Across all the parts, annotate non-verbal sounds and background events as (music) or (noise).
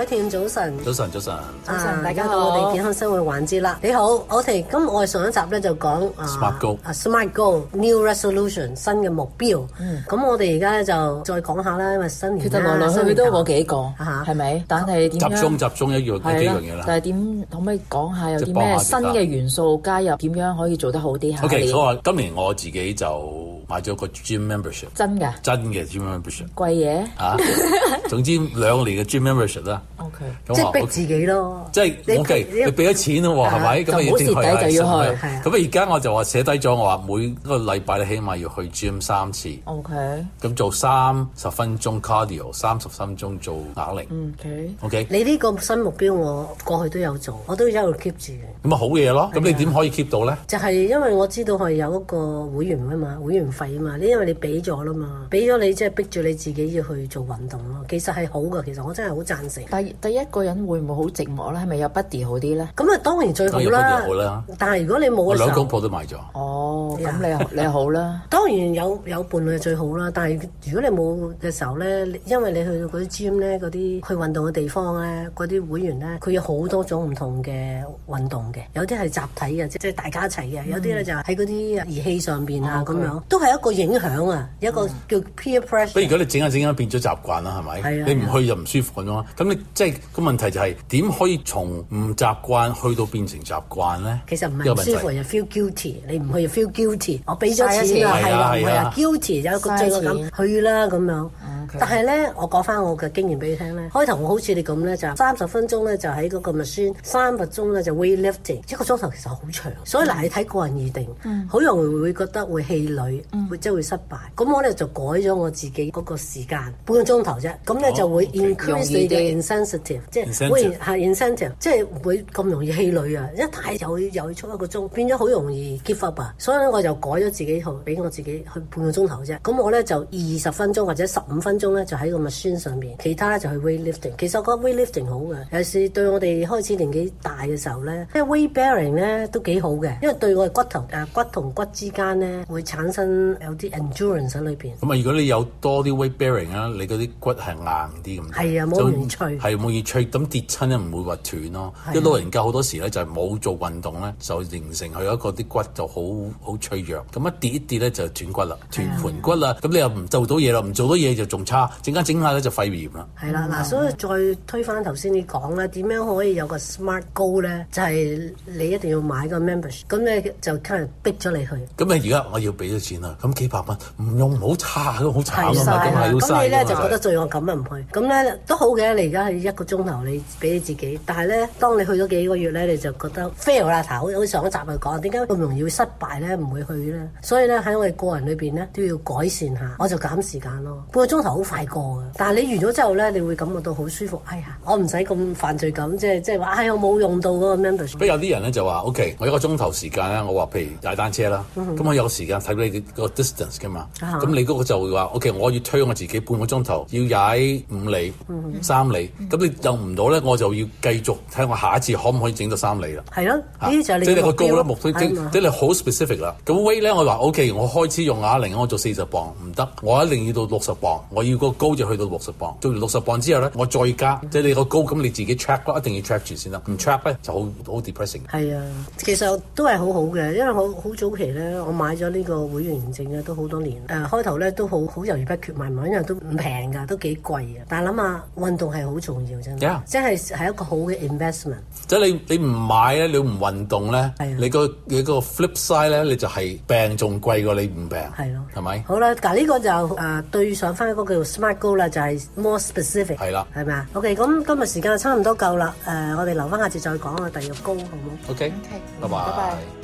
每天早晨，早晨早晨，早晨，大家好，我哋健康生活環節啦。你好，O K，咁我哋上一集咧就講啊，Smart Goal，啊，Smart Goal，New Resolution，新嘅目標。咁我哋而家咧就再講下啦，因為新年啦，新年。其實來來去去都嗰幾個，係咪？但係集中集中一樣呢？一樣嘢啦。但係點可唔可以講下有啲咩新嘅元素加入？點樣可以做得好啲？今年，O K，所以今年我自己就。買咗個 gym membership，真㗎，真嘅 gym membership，貴嘢，啊，總之兩年嘅 gym membership 啦，OK，即係逼自己咯，即係 OK，你俾咗錢啦喎，係咪？咁就要去，咁而家我就話寫低咗，我話每個禮拜你起碼要去 gym 三次，OK，咁做三十分鐘 cardio，三十分鐘做啞鈴。OK 你呢個新目標我過去都有做，我都一路 keep 住嘅，咁啊好嘢咯，咁你點可以 keep 到咧？就係因為我知道係有一個會員㗎嘛，會費嘛，呢因為你俾咗啦嘛，俾咗你即係逼住你自己要去做運動咯。其實係好噶，其實我真係好贊成。但第一個人會唔會好寂寞咧？係咪有 buddy 好啲咧？咁啊當然最好啦。好啦。但係如果你冇嘅時候，兩公婆都買咗。哦，咁你 (laughs) 你好啦。當然有有伴侶最好啦，但係如果你冇嘅時候咧，因為你去到嗰啲 gym 咧，嗰啲去運動嘅地方咧，嗰啲會員咧，佢有好多種唔同嘅運動嘅，有啲係集體嘅，即、即係大家一齊嘅，嗯、有啲咧就喺嗰啲儀器上面啊咁、嗯、樣，都係一個影響啊，嗯、一個叫 peer pressure。咁如，如果你整下整下變咗習慣啦，係咪？係呀係呀，你唔去就唔舒服咁樣，咁你即係個問題就係、係、點可以從唔習慣去到變成習慣咧？其實唔係唔舒服又 feel guilty，你唔去又 feel guilty。我俾咗錢的係啊就咁去啦咁樣。Okay. 但係咧，我講翻我嘅經驗俾你聽咧，開頭我好似你咁咧，就三十分鐘咧，就喺嗰個 n 酸三分鐘咧就 weight lifting 一個鐘頭其實好長，所以嗱、mm. 你睇個人而定，好、mm. 容易會覺得會氣餒，mm. 會即係會失敗。咁我咧就改咗我自己嗰個時間半個鐘頭啫，咁咧就會 increase the i n t e n s i t e 即係會 i n c e n t i v e 即係會咁容易氣餒會 cent 啊，一、啊、太又會又出一個鐘，變咗好容易 give up 啊。所以我就改咗自己去俾我自己去半個鐘頭啫，咁我咧就二十分鐘或者十五分中咧就喺個 machine 上面，其他呢就係 weightlifting。其實我覺得 weightlifting 好嘅，尤其是對我哋開始年紀大嘅時候咧，即係 weightbearing 咧都幾好嘅，因為對我哋骨頭誒、啊、骨同骨之間咧會產生有啲 endurance 喺裏邊。咁啊，如果你有多啲 weightbearing 啊，你嗰啲骨係硬啲咁，係啊，冇咁脆，係冇咁脆。咁跌親咧唔會話斷咯。因為老人家好多時咧就係、是、冇做運動咧，就形成佢一個啲骨就好好脆弱。咁一跌一跌咧就斷骨啦，斷盆骨啦。咁、啊、你又唔做到嘢啦，唔做到嘢就仲。整下整下咧就肺炎啦。係啦、嗯，嗱、嗯，所以再推翻頭先你講啦，點樣可以有個 smart goal 咧？就係、是、你一定要買個 membership，咁你就靠逼咗你去。咁你而家我要俾咗錢啦，咁幾百蚊唔用唔好差，好慘啊，咁係的。咁你咧就覺得罪我咁乜唔去？咁咧都好嘅，你而家係一個鐘頭，你俾你自己。但係咧，當你去咗幾個月咧，你就覺得 fail 啦頭。我上一集咪講，點解咁容易會失敗咧？唔會去咧。所以咧喺我哋個人裏邊咧都要改善下，我就減時間咯，半個鐘頭。好快過嘅，但係你完咗之後咧，你會感覺到好舒服。哎呀，我唔使咁犯罪感，即係即係話，哎，我冇用到嗰個 membership。咁有啲人咧就話：OK，我一個鐘頭時,時間咧，我話譬如踩單車啦，咁、嗯、哼我有個時間睇到你個 distance 㗎嘛。咁、啊、哈你嗰個就會話：OK，我要推我自己半個鐘頭，要踩五里、三、嗯、哼里。咁、嗯、哼你用唔到咧，我就要繼續睇我下一次可唔可以整到三里啦。係咯、啊，呢、啊、就即係你個高級目標，即你好 specific 啦。咁 weight 咧，我話 OK，我開始用啞鈴，我做四十磅唔得，我一定要到六十磅，我要個高就去到六十磅，做完六十磅之後咧，我再加，即係你個高咁，你自己 track 咯，一定要 track 住先得，唔 track 咧就好好 depressing。係啊，其實都係好好嘅，因為好好早期咧，我買咗呢個會員證啊，都好多年。誒開頭咧都好好猶豫不決，買唔買？因為都唔平㗎，都幾貴啊。但係諗下運動係好重要，真係，即係係一個好嘅 investment。即係你你唔買咧，你唔運動咧，你個你個 flip side 咧，你就係病仲貴過你唔病。係咯，係咪？好啦，嗱呢個就誒對上翻嗰句。Smart goal 啦，就係 more specific，係啦，係咪啊？OK，咁今日時間就差唔多夠啦，誒，我哋留翻下次再講啊，第二個 goal 好唔好？OK，OK，拜拜。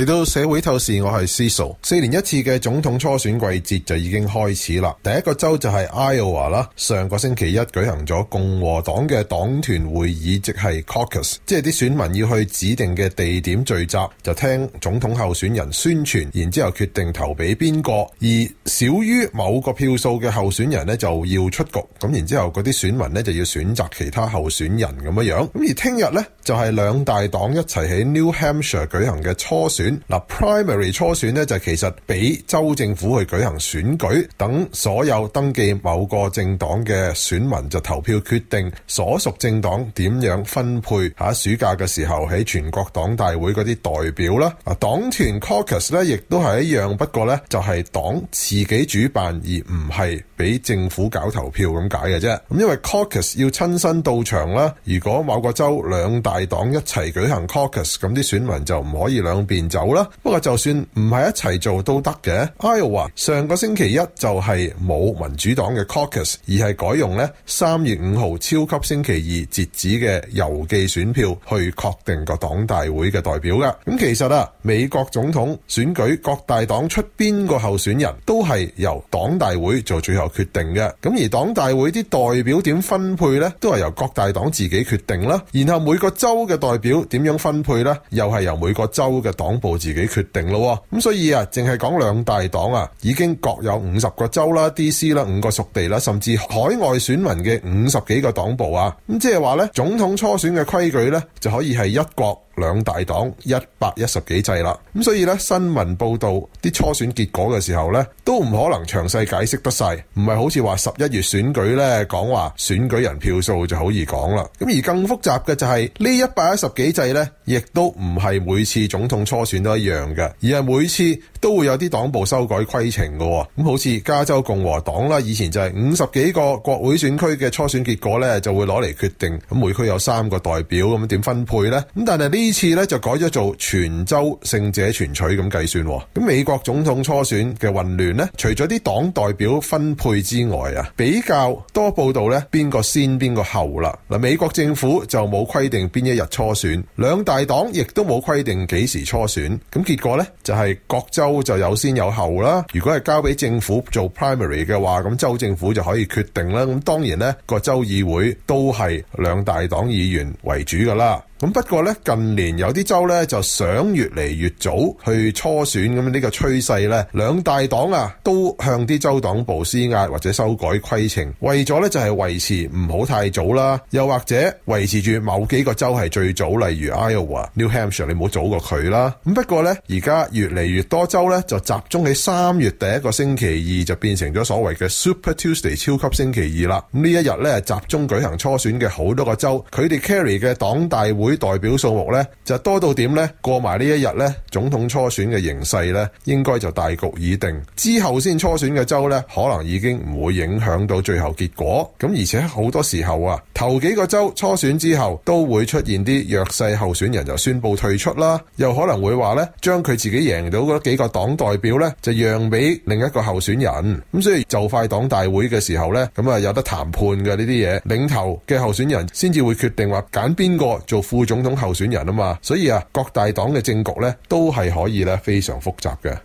嚟到社會透視，我係思蘇。四年一次嘅總統初選季節就已經開始啦。第一個州就係 Iowa 啦，上個星期一舉行咗共和黨嘅黨團會議，即係 Caucus，即係啲選民要去指定嘅地點聚集，就聽總統候選人宣傳，然之後決定投俾邊個。而少於某個票數嘅候選人呢，就要出局。咁然之後嗰啲選民呢，就要選擇其他候選人咁樣樣。咁而聽日呢，就係、是、兩大黨一齊喺 New Hampshire 舉行嘅初選。嗱，primary 初選咧就是、其實俾州政府去舉行選舉，等所有登記某個政黨嘅選民就投票決定所屬政黨點樣分配，下暑假嘅時候喺全國黨大會嗰啲代表啦，啊黨團 caucus 咧亦都係一樣，不過咧就係、是、黨自己主辦而唔係俾政府搞投票咁解嘅啫。咁因為 caucus 要親身到場啦，如果某個州兩大黨一齊舉行 caucus，咁啲選民就唔可以兩邊就。有啦，不過就算唔係一齊做都得嘅。Iowa 上個星期一就係冇民主黨嘅 caucus 而係改用咧三月五號超級星期二截止嘅郵寄選票去確定個黨大會嘅代表㗎。咁其實啊，美國總統選舉各大黨出邊個候選人都係由黨大會做最後決定嘅。咁而黨大會啲代表點分配呢？都係由各大黨自己決定啦。然後每個州嘅代表點樣分配呢？又係由每個州嘅黨。部自己決定咯，咁所以啊，淨係講兩大黨啊，已經各有五十個州啦、啊、DC 啦、啊、五個屬地啦、啊，甚至海外選民嘅五十幾個黨部啊，咁即係話咧，總統初選嘅規矩咧，就可以係一國，兩大黨、就是、一百一十幾制啦，咁所以咧，新聞報道啲初選結果嘅時候咧，都唔可能詳細解釋得晒，唔係好似話十一月選舉咧講話選舉人票數就好易講啦，咁而更複雜嘅就係呢一百一十幾制咧，亦都唔係每次總統初選都一樣嘅，而係每次都會有啲黨部修改規程噶、哦、咁、嗯、好似加州共和黨啦，以前就係五十幾個國會選區嘅初選結果咧就會攞嚟決定，咁每區有三個代表咁點分配呢？咁但係呢？次呢就改咗做全州勝者全取咁計算。咁美國總統初選嘅混亂呢，除咗啲黨代表分配之外啊，比較多報道呢邊個先邊個後啦。嗱，美國政府就冇規定邊一日初選，兩大黨亦都冇規定幾時初選。咁結果呢就係、是、各州就有先有後啦。如果係交俾政府做 primary 嘅話，咁州政府就可以決定啦。咁當然呢，各州議會都係兩大黨議員為主噶啦。咁不過咧，近年有啲州咧就想越嚟越早去初選。咁呢個趨勢咧，兩大黨啊都向啲州黨部施壓或者修改規程，為咗咧就係維持唔好太早啦，又或者維持住某幾個州係最早，例如 Iowa、New Hampshire，你冇早過佢啦。咁不過咧，而家越嚟越多州咧就集中喺三月第一個星期二，就變成咗所謂嘅 Super Tuesday 超級星期二啦。咁呢一日咧集中舉行初選嘅好多個州，佢哋 carry 嘅黨大會。代表數目咧就多到點呢？過埋呢一日呢，總統初選嘅形勢呢，應該就大局已定。之後先初選嘅州呢，可能已經唔會影響到最後結果。咁而且好多時候啊，頭幾個州初選之後，都會出現啲弱勢候選人就宣布退出啦，又可能會話呢，將佢自己贏到嗰幾個黨代表呢，就讓俾另一個候選人。咁所以就快黨大會嘅時候呢，咁啊有得談判嘅呢啲嘢，領頭嘅候選人先至會決定話揀邊個做副，副總統候選人啊嘛，所以啊，各大黨嘅政局咧都係可以咧，非常複雜嘅。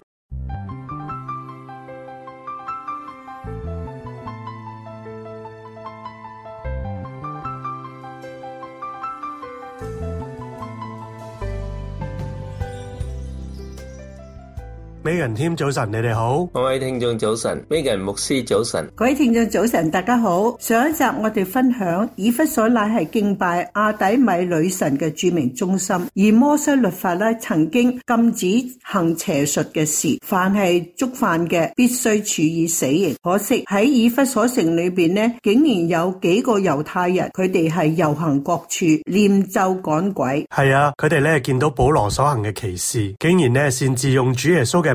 美人添，早晨你哋好，各位聽眾早晨，美人牧師早晨，各位聽眾早晨，大家好。上一集我哋分享以弗所乃係敬拜亞底米女神嘅著名中心，而摩西律法咧曾經禁止行邪術嘅事，凡係觸犯嘅必須處以死刑。可惜喺以弗所城裏邊咧，竟然有幾個猶太人，佢哋係遊行各處，念咒趕鬼。係啊，佢哋咧見到保羅所行嘅奇事，竟然咧擅自用主耶穌嘅。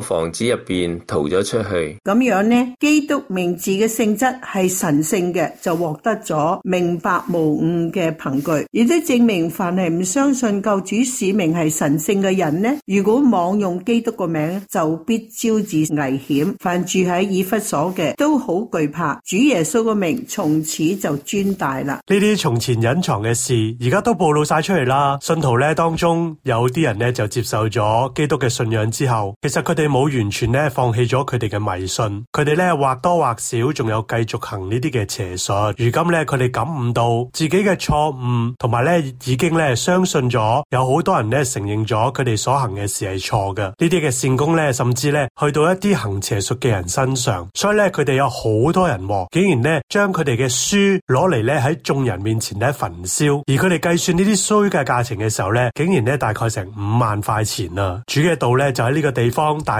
房子入邊逃咗出去，咁樣呢，基督名字嘅性質係神聖嘅，就獲得咗明白無誤嘅憑據，亦都證明凡係唔相信救主使命係神聖嘅人呢，如果妄用基督個名，就必招致危險。凡住喺以弗所嘅，都好懼怕，主耶穌個名從此就尊大啦。呢啲從前隱藏嘅事，而家都暴露晒出嚟啦。信徒咧，當中有啲人呢，就接受咗基督嘅信仰之後，其實佢哋，冇完全咧，放棄咗佢哋嘅迷信，佢哋咧，或多或少仲有繼續行呢啲嘅邪術。如今咧，佢哋感悟到自己嘅錯誤，同埋咧已經咧相信咗有好多人咧承認咗佢哋所行嘅事係錯嘅。呢啲嘅善功咧，甚至咧去到一啲行邪術嘅人身上，所以咧佢哋有好多人竟然咧將佢哋嘅書攞嚟咧喺眾人面前咧焚燒。而佢哋計算呢啲書嘅價錢嘅時候咧，竟然咧大概成五萬塊錢啊。主嘅道咧就喺呢個地方大。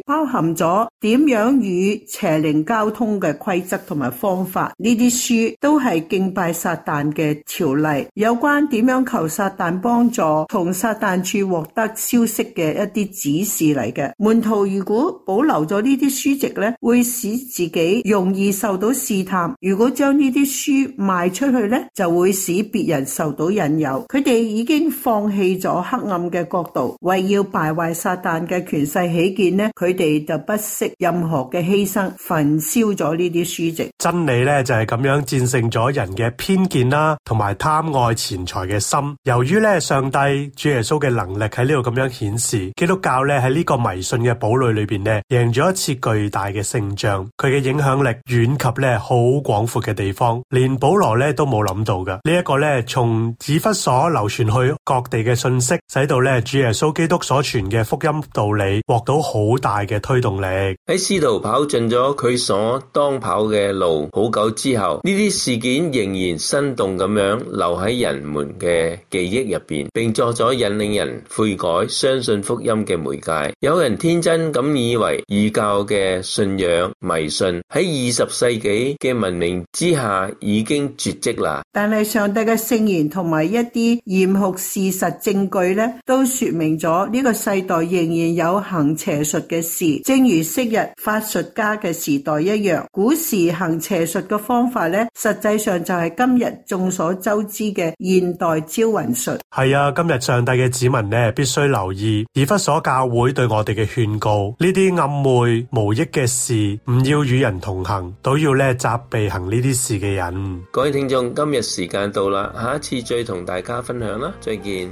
包含咗點樣與邪靈交通嘅規則同埋方法，呢啲書都係敬拜撒旦嘅條例，有關點樣求撒旦幫助從撒旦處獲得消息嘅一啲指示嚟嘅。門徒如果保留咗呢啲書籍呢會使自己容易受到試探；如果將呢啲書賣出去呢就會使別人受到引誘。佢哋已經放棄咗黑暗嘅國度，為要敗壞撒旦嘅權勢起見呢。佢哋就不惜任何嘅犧牲，焚燒咗呢啲書籍。真理咧就係咁樣戰勝咗人嘅偏見啦，同埋貪愛錢財嘅心。由於咧上帝主耶穌嘅能力喺呢度咁樣顯示，基督教咧喺呢個迷信嘅堡壘裏邊咧贏咗一次巨大嘅勝仗。佢嘅影響力遠及咧好廣闊嘅地方，連保羅咧都冇諗到嘅。呢一個咧從以弗所流傳去各地嘅信息，使到咧主耶穌基督所傳嘅福音道理獲到好大，大嘅推動力喺司徒跑進咗佢所當跑嘅路，好久之後，呢啲事件仍然生動咁樣留喺人們嘅記憶入邊，並作咗引領人悔改，相信福音嘅媒介。有人天真咁以為異教嘅信仰迷信，喺二十世紀嘅文明之下已經絕跡啦，但係上帝嘅聖言同埋一啲嚴酷事實證據咧，都說明咗呢個世代仍然有行邪術嘅。事正如昔日法術家嘅時代一樣，古時行邪術嘅方法呢，實際上就係今日眾所周知嘅現代招魂術。係啊，今日上帝嘅子民呢，必須留意以弗所教會對我哋嘅勸告，呢啲暗昧無益嘅事，唔要與人同行，都要咧責備行呢啲事嘅人。各位聽眾，今日時間到啦，下一次再同大家分享啦，再見。